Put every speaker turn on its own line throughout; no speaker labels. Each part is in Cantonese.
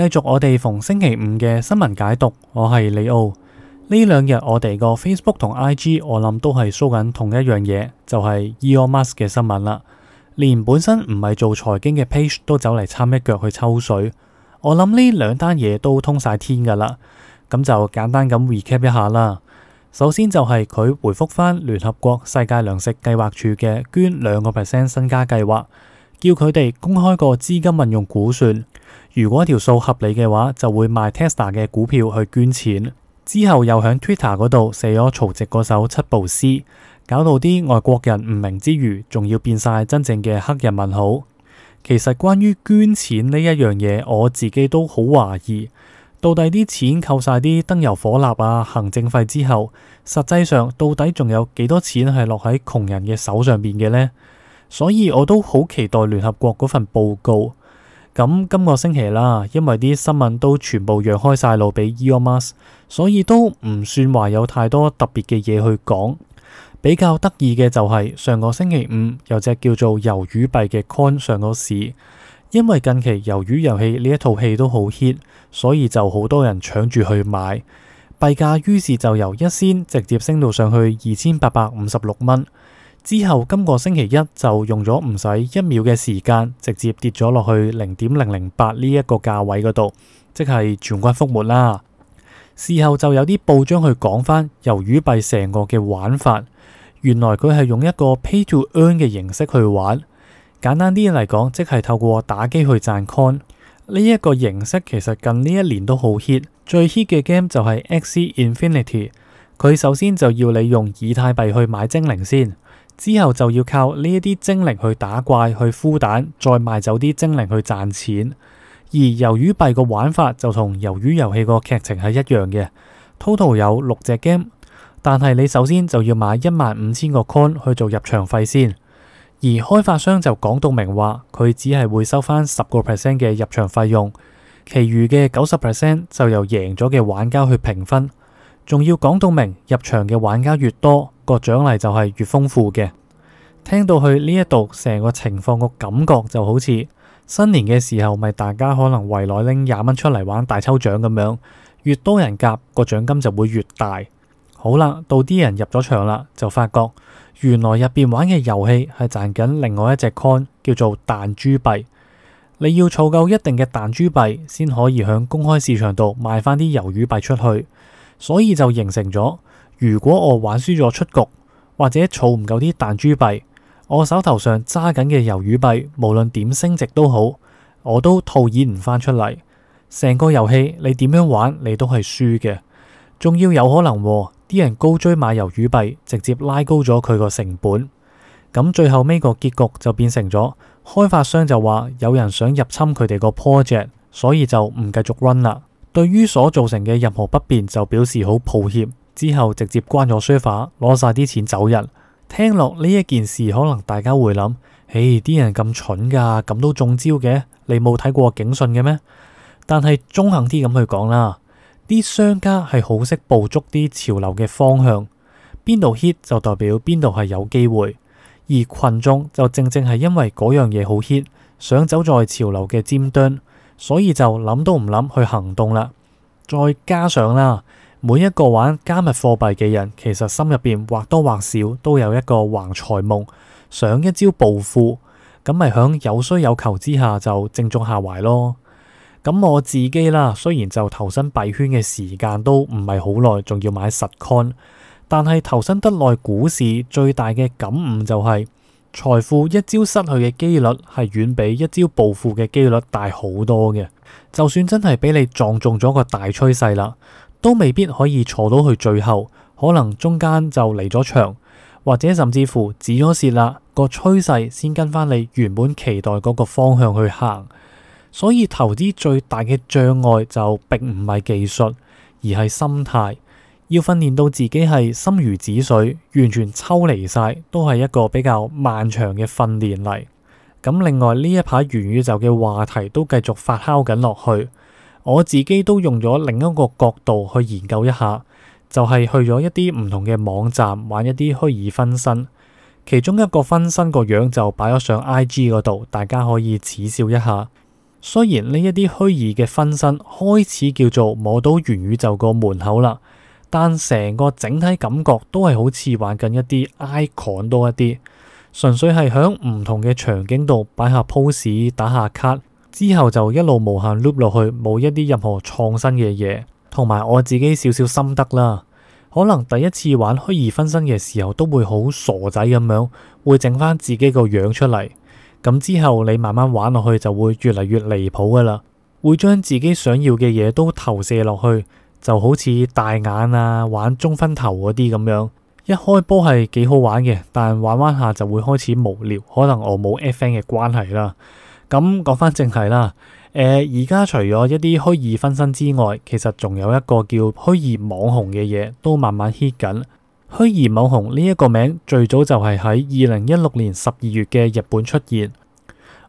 繼續我哋逢星期五嘅新聞解讀，我係李奧。呢兩日我哋個 Facebook 同 IG，我諗都係 show 緊同一樣嘢，就係 Elon Musk 嘅新聞啦。連本身唔係做財經嘅 page 都走嚟參一腳去抽水。我諗呢兩單嘢都通晒天噶啦。咁就簡單咁 recap 一下啦。首先就係佢回覆翻聯合國世界糧食計劃署嘅捐兩個 percent 身家計劃，叫佢哋公開個資金運用估算。如果條數合理嘅話，就會賣 Tesla 嘅股票去捐錢。之後又響 Twitter 嗰度寫咗曹植嗰首七步詩，搞到啲外國人唔明之餘，仲要變晒真正嘅黑人問號。其實關於捐錢呢一樣嘢，我自己都好懷疑，到底啲錢扣晒啲燈油火蠟啊、行政費之後，實際上到底仲有幾多錢係落喺窮人嘅手上邊嘅呢？所以我都好期待聯合國嗰份報告。咁、嗯、今個星期啦，因為啲新聞都全部讓開晒路俾 e m a s 所以都唔算話有太多特別嘅嘢去講。比較得意嘅就係、是、上個星期五有隻叫做魷魚幣嘅 Coin 上咗市，因為近期魷魚遊戲呢一套戲都好 hit，所以就好多人搶住去買幣價，於是就由一仙直接升到上去二千八百五十六蚊。之後今個星期一就用咗唔使一秒嘅時間，直接跌咗落去零點零零八呢一個價位嗰度，即係全軍覆沒啦。事後就有啲報章去講翻，魷魚幣成個嘅玩法，原來佢係用一個 pay to earn 嘅形式去玩。簡單啲嚟講，即係透過打機去賺 coin 呢一個形式。其實近呢一年都好 hit，最 hit 嘅 game 就係 Axie Infinity。佢首先就要你用以太幣去買精靈先。之後就要靠呢一啲精靈去打怪、去孵蛋，再賣走啲精靈去賺錢。而魷魚幣個玩法就同魷魚遊戲個劇情係一樣嘅。Total 有六隻 game，但係你首先就要買一萬五千個 coin 去做入場費先。而開發商就講到明話，佢只係會收翻十個 percent 嘅入場費用，其餘嘅九十 percent 就由贏咗嘅玩家去平分。仲要講到明，入場嘅玩家越多，個獎勵就係越豐富嘅，聽到去呢一度成個情況個感覺就好似新年嘅時候，咪大家可能圍內拎廿蚊出嚟玩大抽獎咁樣，越多人夾個獎金就會越大。好啦，到啲人入咗場啦，就發覺原來入邊玩嘅遊戲係賺緊另外一隻 coin 叫做彈珠幣，你要儲夠一定嘅彈珠幣先可以響公開市場度賣翻啲魷魚幣出去，所以就形成咗。如果我玩輸咗出局，或者儲唔夠啲彈珠幣，我手頭上揸緊嘅魷魚幣，無論點升值都好，我都套現唔翻出嚟。成個遊戲你點樣玩，你都係輸嘅。仲要有可能喎，啲人高追買魷魚幣，直接拉高咗佢個成本。咁最後尾個結局就變成咗開發商就話有人想入侵佢哋個 project，所以就唔繼續 run 啦。對於所造成嘅任何不便，就表示好抱歉。之後直接關咗 server，攞晒啲錢走人。聽落呢一件事，可能大家會諗：誒，啲人咁蠢噶，咁都中招嘅？你冇睇過警訊嘅咩？但係中肯啲咁去講啦，啲商家係好識捕捉啲潮流嘅方向，邊度 hit 就代表邊度係有機會。而群眾就正正係因為嗰樣嘢好 hit，想走在潮流嘅尖端，所以就諗都唔諗去行動啦。再加上啦。每一個玩加密貨幣嘅人，其實心入邊或多或少都有一個橫財夢，想一朝暴富，咁咪響有需有求之下就正中下懷咯。咁我自己啦，雖然就投身幣圈嘅時間都唔係好耐，仲要買實 con，但係投身得耐股市最大嘅感悟就係、是、財富一朝失去嘅幾率係遠比一朝暴富嘅幾率大好多嘅。就算真係俾你撞中咗個大趨勢啦。都未必可以坐到去最後，可能中間就離咗場，或者甚至乎止咗線啦，個趨勢先跟翻你原本期待嗰個方向去行。所以投資最大嘅障礙就並唔係技術，而係心態。要訓練到自己係心如止水，完全抽離晒，都係一個比較漫長嘅訓練嚟。咁另外呢一排元宇宙嘅話題都繼續發酵緊落去。我自己都用咗另一個角度去研究一下，就係、是、去咗一啲唔同嘅網站玩一啲虛擬分身，其中一個分身個樣就擺咗上 IG 嗰度，大家可以恥笑一下。雖然呢一啲虛擬嘅分身開始叫做摸到元宇宙個門口啦，但成個整體感覺都係好似玩緊一啲 icon 多一啲，純粹係喺唔同嘅場景度擺下 pose 打下卡。之後就一路無限 loop 落去，冇一啲任何創新嘅嘢，同埋我自己少少心得啦。可能第一次玩虛擬分身嘅時候，都會好傻仔咁樣，會整返自己個樣出嚟。咁之後你慢慢玩落去，就會越嚟越離譜㗎啦，會將自己想要嘅嘢都投射落去，就好似大眼啊，玩中分頭嗰啲咁樣。一開波係幾好玩嘅，但玩玩下就會開始無聊。可能我冇 FM 嘅關係啦。咁講翻正題啦，呃，而家除咗一啲虛擬分身之外，其實仲有一個叫虛擬網紅嘅嘢，都慢慢 hit 緊。虛擬網紅呢一、這個名最早就係喺二零一六年十二月嘅日本出現，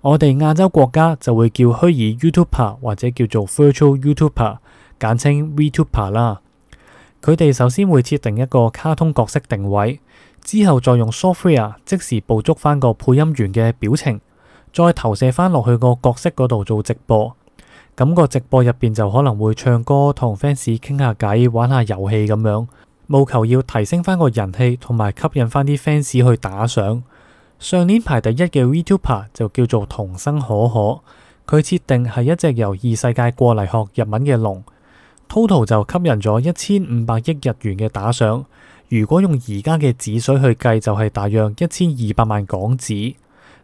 我哋亞洲國家就會叫虛擬 YouTuber 或者叫做 Virtual YouTuber，簡稱 Vtuber 啦。佢哋首先會設定一個卡通角色定位，之後再用 software 即時捕捉翻個配音員嘅表情。再投射翻落去個角色嗰度做直播，咁、那個直播入邊就可能會唱歌，同 fans 傾下偈，玩下遊戲咁樣，務求要提升翻個人氣，同埋吸引翻啲 fans 去打賞。上年排第一嘅 Vtuber 就叫做桐生可可，佢設定係一隻由異世界過嚟學日文嘅龍，total 就吸引咗一千五百億日元嘅打賞，如果用而家嘅紙水去計，就係大約一千二百萬港紙。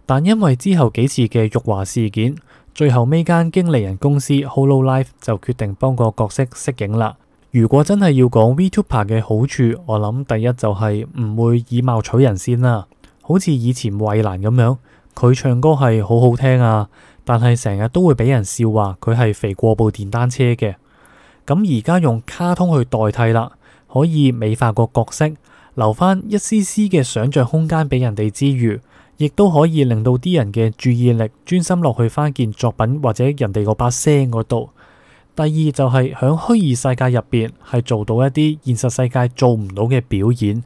但因為之後幾次嘅辱華事件，最後尾間經理人公司 Hololive 就決定幫個角色適應啦。如果真係要講 Vtuber 嘅好處，我諗第一就係唔會以貌取人先啦，啊。好似以前衛蘭咁樣，佢唱歌係好好聽啊，但係成日都會俾人笑話佢係肥過部電單車嘅。咁而家用卡通去代替啦，可以美化個角色，留翻一絲絲嘅想象空間俾人哋之餘。亦都可以令到啲人嘅注意力專心落去返件作品或者人哋嗰把聲嗰度。第二就係響虛擬世界入邊係做到一啲現實世界做唔到嘅表演，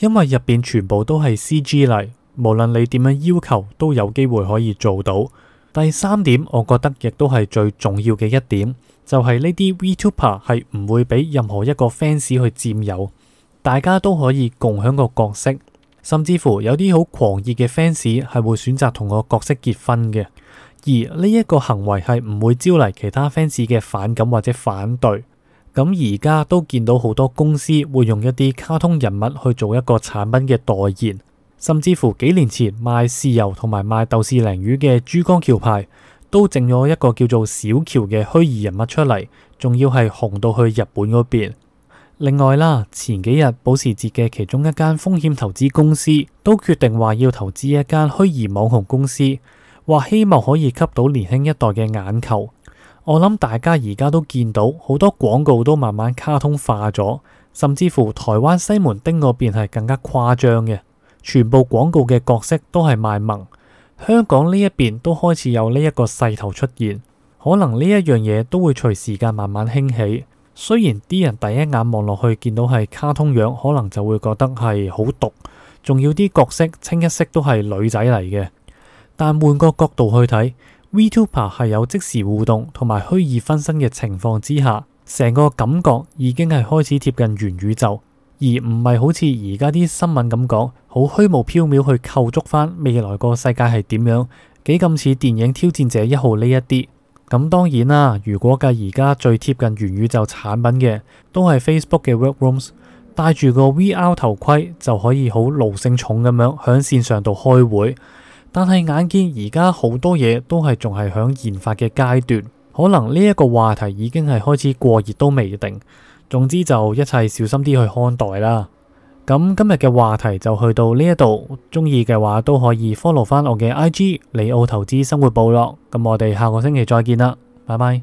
因為入邊全部都係 C G 嚟，無論你點樣要求都有機會可以做到。第三點，我覺得亦都係最重要嘅一點，就係呢啲 VTuber 係唔會俾任何一個 fans 去佔有，大家都可以共享個角色。甚至乎有啲好狂熱嘅 fans 係會選擇同個角色結婚嘅，而呢一個行為係唔會招嚟其他 fans 嘅反感或者反對。咁而家都見到好多公司會用一啲卡通人物去做一個產品嘅代言，甚至乎幾年前賣豉油同埋賣豆豉鯪魚嘅珠江橋牌，都整咗一個叫做小橋嘅虛擬人物出嚟，仲要係紅到去日本嗰邊。另外啦，前幾日保時捷嘅其中一間風險投資公司都決定話要投資一間虛擬網紅公司，話希望可以吸到年輕一代嘅眼球。我諗大家而家都見到好多廣告都慢慢卡通化咗，甚至乎台灣西門町嗰邊係更加誇張嘅，全部廣告嘅角色都係賣萌。香港呢一邊都開始有呢一個勢頭出現，可能呢一樣嘢都會隨時間慢慢興起。雖然啲人第一眼望落去見到係卡通樣，可能就會覺得係好毒，仲要啲角色清一色都係女仔嚟嘅。但換個角度去睇，Vtuber 係有即時互動同埋虛擬分身嘅情況之下，成個感覺已經係開始貼近元宇宙，而唔係好似而家啲新聞咁講，好虛無縹緲去構築翻未來個世界係點樣，幾咁似電影《挑戰者一號》呢一啲。咁當然啦，如果計而家最貼近元宇宙產品嘅，都係 Facebook 嘅 Workrooms，戴住個 VR 頭盔就可以好勞性重咁樣喺線上度開會。但係眼見而家好多嘢都係仲係喺研發嘅階段，可能呢一個話題已經係開始過熱都未定。總之就一切小心啲去看待啦。咁今日嘅話題就去到呢一度，鍾意嘅話都可以 follow 翻我嘅 IG 李奧投資生活部落。咁我哋下個星期再見啦，拜拜。